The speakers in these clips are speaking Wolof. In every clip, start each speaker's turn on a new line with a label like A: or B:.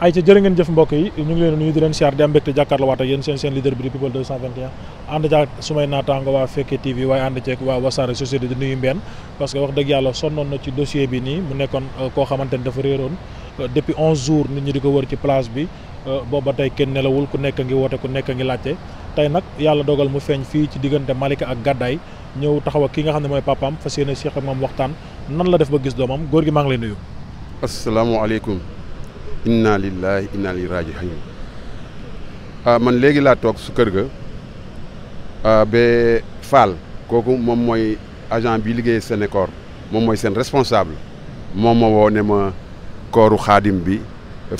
A: ay ca jërë ngeen jëf mbokk yi ñu ngi leen nuyu di leen siyaar di am mbégte jàkkaarloo la ak yéen seen seen leader bi di people 221 ànd jaak sumay naataango waa Fekke TV waaye ànd ceeg waa Wassare société di nuyu mbenn parce que wax dëgg yàlla sonnoon na ci dossier bi nii mu nekkoon euh, koo xamante ni dafa réeroon euh, depuis 11 jours nit ñi di ko wër ci place bi euh, booba tey kenn nelawul ku nekk ngi woote ku nekk ngi laajte tey nag yàlla dogal mu feeñ fii ci diggante Malika ak Gàddaay ñëw taxaw ki nga xam ne mooy papaam fas yéene Cheikh ak waxtaan nan la def ba gis doomam góor gi maa ngi lay nuyu
B: asalaamaaleykum inna lillahi inna ilayhi raji'un ah man léegi laa toog su kër ga ah, ba Fall kooku moom mooy agent bi liggéey Sénécor moom mooy seen responsable moom ma woo ma kooru xaadim bi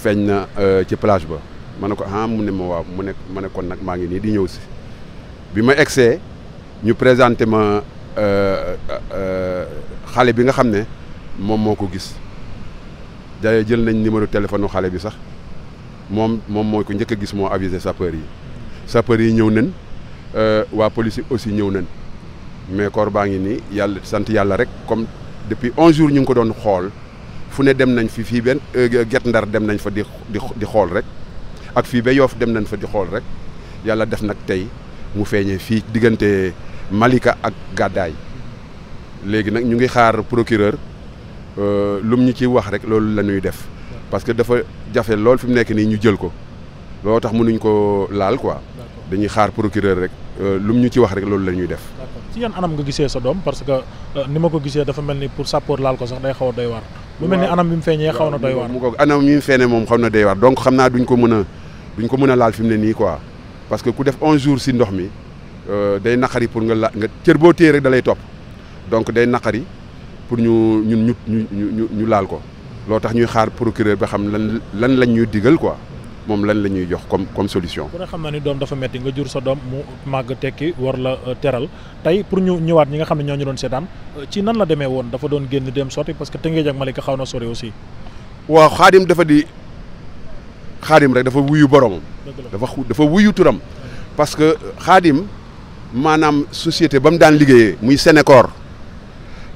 B: feeñ na euh, ci plage ba ma ne ko ah mu ne ma waaw mu ne ma ne kon nag maa ngi nii di ñëw si bi ma egsee ñu présenté ma euh, euh, xale bi nga xam ne moom moo ko gis jaye jël nañ numéro téléphone xale bi sax moom moom mooy ko njëkk a gis moo avisé sapeur yi sapeur yi ñëw nañ euh, waa police yi aussi ñëw nañ mais corps baa ngi nii yàlla sant yàlla rek comme depuis onze jours ñu ngi ko doon xool fu ne dem nañ fi fii benn euh, gert Ndar dem nañ fa di di xool rek ak fii ba Yoff dem nañ fa di xool rek yàlla def nag tey mu feeñee fii diggante Malika ak Gàddaay léegi nag ñu ngi xaar procureur Euh, lum ñu ci wax rek loolu la ñuy def parce que dafa jafe lool fi mu nekk nii ñu jël ko loo tax mënuñu ko laal quoi dañuy xaar procureur rek euh, lum ñu ci wax rek loolu la ñuy def.
A: ci yan anam nga gisee sa doom parce que euh, ni ma ko gisee dafa mel ni pour sappoor laal ko sax day xaw a doy waar. mu mel ni anam bi mu feeñee xaw na doy waar. mu
B: ko anam bi mu moom na doy waar donc xam naa duñ ko mën a duñ ko mën a laal fi mu ne nii quoi parce que ku def 11 jours si ndox mi day naqari pour nga la nga cër boo téye rek da lay donc day naqari. pour ñu ñun ñu ñu ñu ñu laal ko loo tax ñuy xaar procureur ba xam lan lan lañ ñuy digal quoi moom lan la ñuy jox comme comme solution. ku
A: ne xam na ni doom dafa metti nga jur sa doom mu màgg tekki war la euh, teral tey pour ñu ñëwaat ñi nga xam ne ñoo ñu doon seetaan euh, ci nan la demee woon dafa doon génn dem sotti parce que Tëngéej ak Malika xaw na sori aussi.
B: waaw xaadim dafa di xaadim rek dafa wuyu boromam. dafa wuyu turam. parce que xaadim maanaam société ba mu daan liggéeyee muy Sénécor.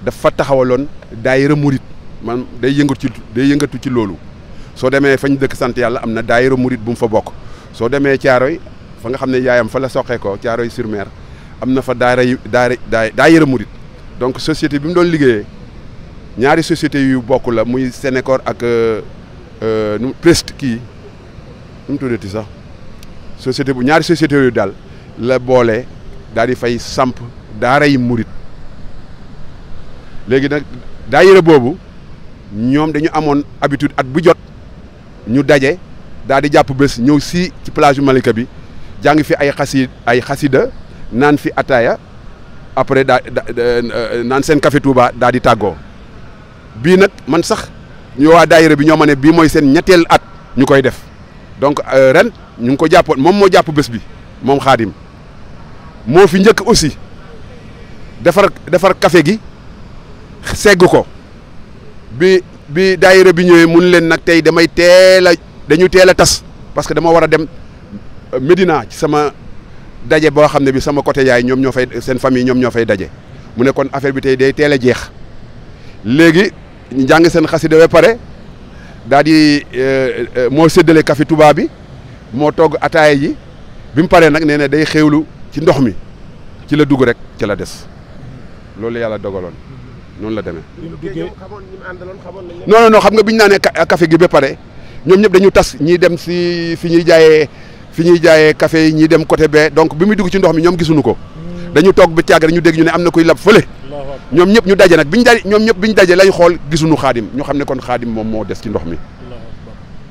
B: dafa taxawaloon daayira murit man day yëngatu ci day yëngatu ci loolu soo demee fa fañ dëkk sant yàlla am na daayira murit bu mu fa bokk soo demee Caaroy fa nga xam ne yaayam fa la soqee ko Caaroy sur am na fa daara yu daara daayira murit donc société bi mu doon liggéeyee ñaari société yu bokk la muy Sénécor ak euh, euh, nu Prest kii nu mu tuddati sax société bu ñaari société yooyu daal la boole daal di fay samp daara yi murit léegi nag daayira boobu ñoom dañu amoon habitude at bu jot ñu daje daal di jàpp bés ñëw si ci plage Malika bi jàng fi ay xasi ay xasida naan fi ataaya après daa euh, naan seen café Touba daal di tàggoo bii nag man sax ñu waa daayira bi ñoo ma ne bii mooy seen ñetteel at ñu koy def donc euh, ren ñu ngi ko jàppoon moom moo jàpp bés bi moom xaadim moo fi njëkk aussi defar defar kafe gi segg ko bi bi daayira bi ñëwee mun leen nag tey damay teel a dañu teel a tas parce que dama war a dem euh, Médina ci sama daje boo xam ne bi sama côté yaay ñoom ñoo fay seen famille ñoom ñoo fay daje mu ne kon affaire bi tey day teel a jeex léegi ñu jàng seen xasida ba pare daa di euh, euh, moo séddale kafi tubaab bi moo togg ataaya yi bi mu paree nag nee na day xéewlu ci ndox mi ci la dugg rek ci la des loolu yàlla dogaloon noonu la demee. non non non xam nga bi ñu naanee café gi ba pare ñoom ñëpp dañu tas ñii dem si fi ñuy jaayee fi ñuy jaayee café yi ñii dem côté bee donc bi muy dugg ci ndox mi ñoom gisuñu ko. Hmm. dañu toog ba càgg ñu dégg ñu ne am na kuy lab fële. ñoom ñëpp ñu daje nag bi ñu daje ñoom ñëpp bi ñu daje lañ xool gisuñu xaadim ñu xam ne kon xaadim moom moo des ci ndox mi.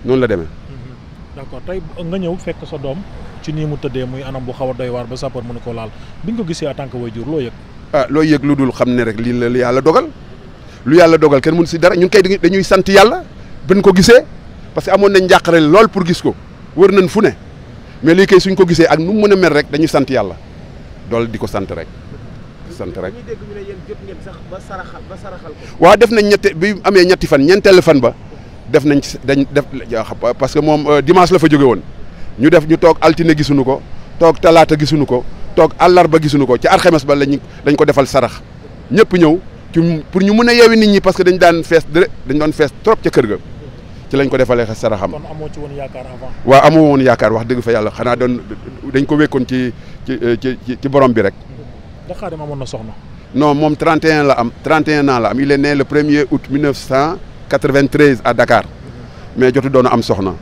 B: noonu la demee. Hmm.
A: d'accord tey nga ñëw fekk sa doom ci nii mu tëddee muy anam bu xaw a doy waar ba sapeur mënu ko laal bi nga ko gisee en tant que waajur loo yëg
B: ah looy yëg lu dul xam ne rek lii la yàlla dogal lu yàlla dogal kenn mun si dara ñun kay dañuy sant yàlla bañ ko gisee parce que amoon nañ njàqare lool pour gis ko wër nañ fu ne mais lii kay suñ ko gisee ak nu mu mën a mel rek dañuy sant yàlla dool di ko sant rek. sant rek waaw def nañ ñette bi amee ñetti fan ñeenteelu fan ba def nañ ci dañ def parce que moom euh, dimanche la fa jóge woon ñu def ñu toog altine gisuñu ko toog talaata gisuñu ko. toog àllarba gisuñu ko ci alxames ba lañ dañ ko defal sarax ñëpp ñëw ci pour ñu mun a yeewi nit ñi parce que dañ daan fees dë dañ doon fees trop ca kër ga ci lañ ko defalee xes saraxam kon
A: amoo ci woon yaakaar avant
B: waaw amoo woon yaakaar wax dëgg fa yàlla xanaa doon dañ ko wékkoon ci ci ci ci borom bi rek
A: ndax Xaadim amoon na soxna
B: non moom 31 la am 31 ans la am il est né le premier août 1993 à Dakar mais jotu doon am soxna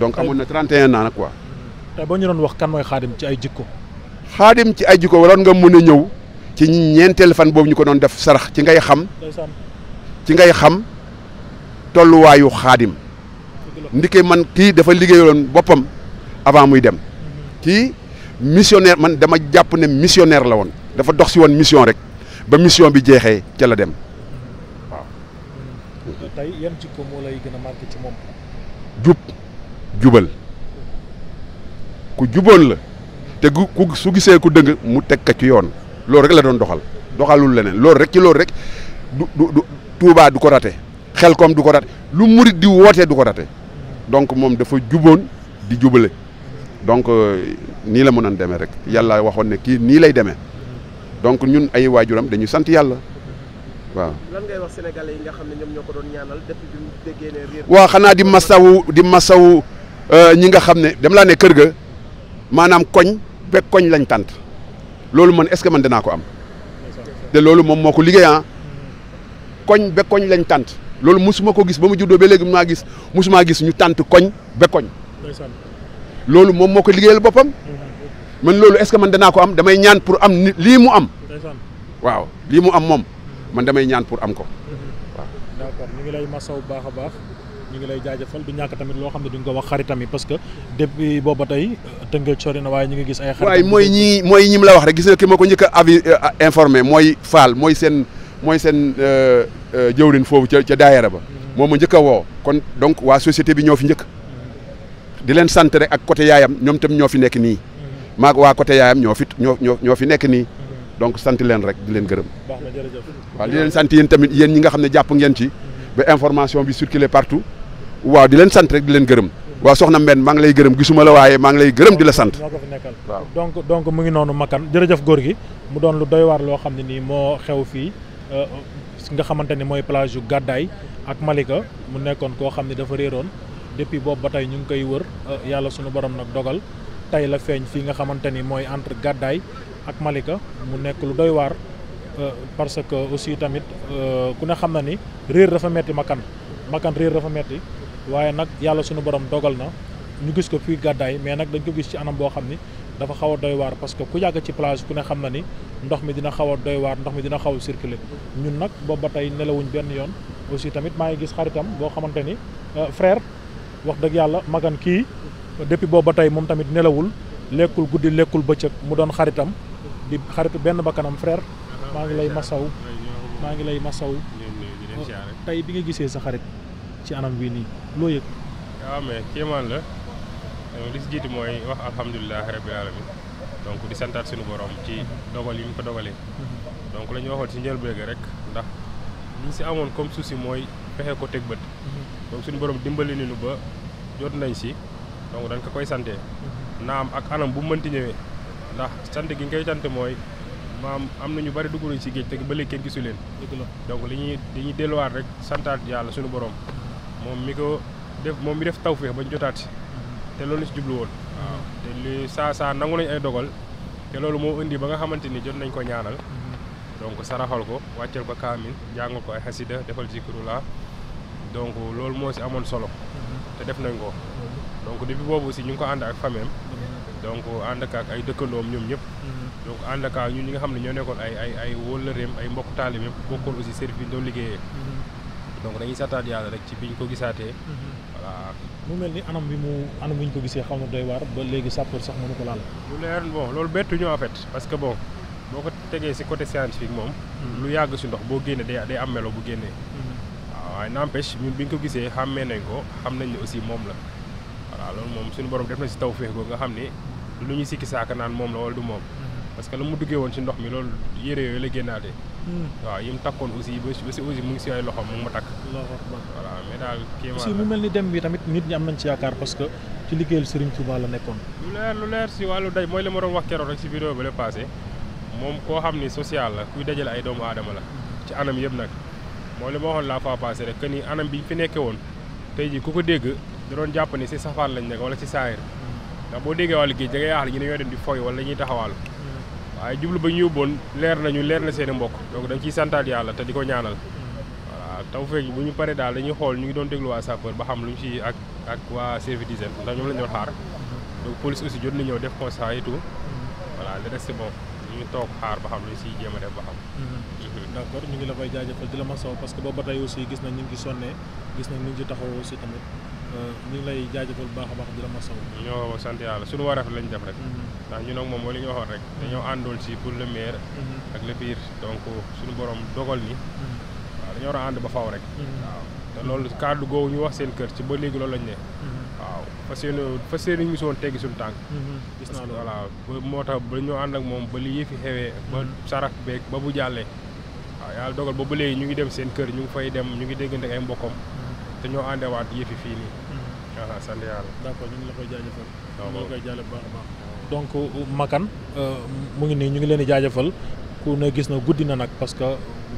B: donc amoon na 31 ans nag quoi boo ñu wax kan mooy Xaadim ci ay jikko xaadim ci ay ko waroon nga mën a ñëw ci ñeenteel fan boobu ñu ko doon def sarax ci ngay xam ci ngay xam tolluwaayu xaadim ndike man kii dafa liggéeyoon boppam avant muy dem kii missionnaire man dama jàpp ne missionnaire la woon dafa dox si woon mission rek ba mission bi jeexee ca la dem
A: waaw. tey moom.
B: jub jubal ku juboon la. te su gisee ku dëng mu teg ka ci yoon loolu rek la doon doxal doxalul leneen loolu rek ci loolu rek du du du du ko rate xel kom du ko rate lu murit di wootee du ko rate donc moom dafa juboon di jubale donc euh, nii la mënoon demee rek yàlla waxoon ne kii nii lay demee donc ñun ay waajuram dañu sant yàlla waaw.
C: lan ngay wax sénégalais
B: xanaa di masawu di masawu euh, ñi nga xam ne dem laa ne kër ga maanaam koñ. bekk koñ lañ tànt loolu man est-ce que man ko am te loolu moom moo ko liggéeyaa ah. koñ bekk koñ lañ tànt loolu musuma ko gis ba mu juddoo be léegi maa gis musumaa gis ñu tànt koñ bekk koñ loolu moom moo ko liggéeyal boppam man loolu est-ce que man danaa ko am damay ñaan pour am nit lii mu am waaw lii mu am moom man damay ñaan pour am ko
A: waaw ñu ngi lay jaajëfal du ñàkk tamit loo xam ne duñ ko wax xaritam yi parce que depuis booba tey tëngeej sori na waaye ñu ngi gis ay xaritam waaye mooy ñi mooy ñi la wax
B: rek gis nga ki ma ko njëkk a avis euh, informé mooy Fall seen euh, euh, jëwrin foofu ca ca ba moom ma njëkk a woo kon donc waa société bi ñoo fi njëkk di leen sant rek ak côté yaayam ñoom tam ñoo fi nekk nii donc sant leen rek di leen gërëm waaw di leen sant yéen tamit yéen ñi nga xam ne jàpp ngeen ci ba information bi circuler partout waaw di leen sant rek di leen gërëm waaw soxna Mbène maa ngi lay gërëm gisuma la waaye maa ngi lay gërëm di la sant
A: waaw donc donc mu ngi noonu Makan jërëjëf góor gi mu doon lu doy waar loo xam ne nii moo xew fii euh, nga xamante ni mooy plage yu Gàddaay ak Malika mu nekkoon koo xam ne dafa réeroon depuis boobu ba tey ñu ngi koy wër euh, yàlla suñu borom nag dogal tey la feeñ fii nga xamante ni mooy entre Gàddaay ak Malika mu nekk lu doy waar euh, parce que aussi tamit ku ne xam na ni réer dafa metti Makan Makan réer dafa metti waaye nag yàlla suñu borom dogal na ñu gis ko fii gàddaay mais nag dañ ko gis ci anam boo xam ni dafa xaw a doy waar parce que ku yàgg ci plage ku ne xam na ni ndox mi dina xaw a doy waar ndox mi dina xaw a circuler ñun nag boobu ba tey nelawuñ benn yoon aussi tamit maa ngi gis xaritam boo xamante ni euh, frère wax dëgg yàlla magan kii depuis boobu ba tey moom tamit nelawul lekkul guddi lekkul bëccëg mu doon xaritam di xaritu benn bakkanam frère maa ngi lay masaw maa ngi lay masaw tey bi nga gisee sa xarit ci anam wi nii loo yëg.
C: waaw mais kéemaan la euh, li si jiitu mooy wax alhamdulilah rabbil alamin donc di santaat suñu borom ci mhm. dogal yi mu ko dogalee. Mhm. donc la ñu waxoon si njëlbéeg rek ndax li ñu si amoon comme souci mooy pexe ko teg bët. Mhm. donc suñu borom dimbali nañu ba jot nañ si donc dañ ko koy sante naam ak anam bu mënti ñëwee ndax sant gi ngay sant mooy maam am na ñu bari dugg nañ si géej te ba léegi kenn gisu leen. donc li ñuy dañuy delluwaat rek santaat yàlla suñu borom. moom mi ko def moom mi def tawféex ba ñu jotaat si mm-hmm. te loolu si jublu woon waaw te li saa saa nangu nañ ay dogal te loolu moo indi ba nga xamante ni jot nañ ko ñaanal mm-hmm. donc saraxal ko wàccal ko kaamil jàng ko ay xasida defal zikrullah donc loolu moo si amoon solo mm-hmm. te def nañ ko donc depuis boobu aussi ñu ngi ko ànd ak famille donc ànd ak ay dëkkandoom ñoom ñëpp donc ànd ak ñun ñi nga xam ne ñoo nekkoon ay ay ay wóllëreem ay mbokk taalibeem bokkoon aussi service doon liggéeyee donc dañuy santaat rek ci bi ñu ko gisaatee. voilà.
A: mu mel ni anam bi mu anam bi ñu ko gisee xaw na doy waar ba léegi sapeur sax mënu ko laal.
C: lu leer bon loolu bettuñu en parce que bon boo ko tegee si côté scientifique moom. Hmm. lu yàgg si ndox boo génnee day day am melo bu génnee. waaw hmm. ah, waaye n'empêche bi ñu ko gisee xàmmee nañ ko xam nañ ne aussi moom la voilà loolu moom suñu borom def na si taw féex googu nga xam ni lu ñu sikki saaka naan moom la wala du moom. Hmm. parce que la mu duggee woon ci ndox mi loolu yére yooyu la génnaatee. waaw yi mu takkoon aussi ba si aussi mu ngi si ay loxoom mu ngi ma takk. voilà mais daal kii si mu
A: mel ni dem bi tamit nit ñi am nañ ci yaakaar parce que ci liggéeyal Serigne Touba la nekkoon.
C: lu leer lu leer si wàllu daj mooy li ma doon wax keroog rek si vidéo bi la passé moom koo xam ni social la kuy dajale ay doomu aadama la ci anam yëpp nag mooy li ma waxoon la fois passé rek que anam bi ñu fi nekkee woon tey ji ku ko dégg da doon jàpp ni si safaan lañ nekk wala ci saayir ndax boo déggee wàllu géej da nga yaaxal ñu ne ñoo dem di foy wala ñuy taxawal hmm. waaye jublu ba ñu yóbboon leer nañu leer na seen i mbokk donc ciy santaat yàlla te di ko ñaanal tawfeex yi bu ñu paree daal dañuy xool ñu ngi doon déglu waa sapeur ba xam lu ñu ci ak ak waa service d'hygiène ndax ñoom la ñu doon xaar donc police aussi jot na ñëw def constat et tout voilà le reste bon ngi toog xaar ba xam lu ñu ciy jéem a def mhm. d'accord ñu ngi la koy jaajëfal di la masaw parce que boobu ba tey aussi gis nañ ñu ngi ci sonnee gis nañ ñu ngi
A: ci taxaw tamit euh, ñu lay jaajëfal bu baax a baax di la masaw.
C: ñoo sant yàlla suñu waraf lañ def rek. Mhm. ndax ñu nag moom mooy li ñu waxoon rek mhm. dañoo àndool si pour le meilleur. ak le pire donc suñu borom dogal ni dañoo war a ànd ba faw rek. Mm-hmm. waaw te loolu kàddu googu ñu wax seen kër ci ba léegi loolu lañ ne. Mm-hmm. waaw fas yéene fas yéene ñu misoon teggi suñu tànk. Mm-hmm. gis moo tax ba ñoo ànd ak moom ba lii fi xewee. ba sarax beeg ba bu jàllee. waaw yàlla dogal ba ba léegi ñu ngi dem seen kër ñu ngi dem ñu ngi déggante ay mbokkam. te ñoo àndewaat yëfi fii nii. waaw sant yàlla. d'accord ñu la koy jaajëfal. waaw ñu koy jaale bu baax a euh, Makan euh,
A: mu ngi nii ñu ngi leen di jaajëfal ku ne gis na guddi na nag parce que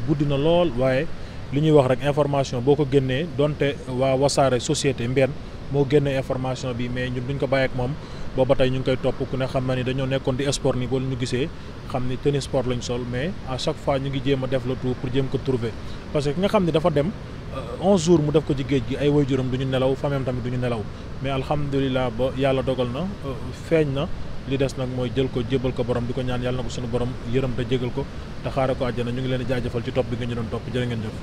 A: guddi na lool waaye. li ñuy wax rek information boo ko génnee donte waa wasaare société mbenn moo génne information bi mais ñun duñ ko bàyyi ak moom booba tey ñu ngi koy topp ku ne xam na ni dañoo nekkoon di sport ni wala ñu gisee xam ni tennis sport lañ sol mais à chaque fois ñu ngi jéem a def le tout pour jéem ko trouver parce que ki nga xam ne dafa dem 11 euh, jours mu def ko ci géej gi ay waajuram du ñu nelaw famem tamit duñu nelaw mais alhamdulilah ba yàlla dogal na euh, feeñ na li des nag mooy jël ko jébal ko borom di ko ñaan yàlla ko suñu borom yërëm te jégal ko te xaaral ko àjjana ñu ngi leen di jaajëfal ci topp nga ñu doon topp jërë ngeen jëf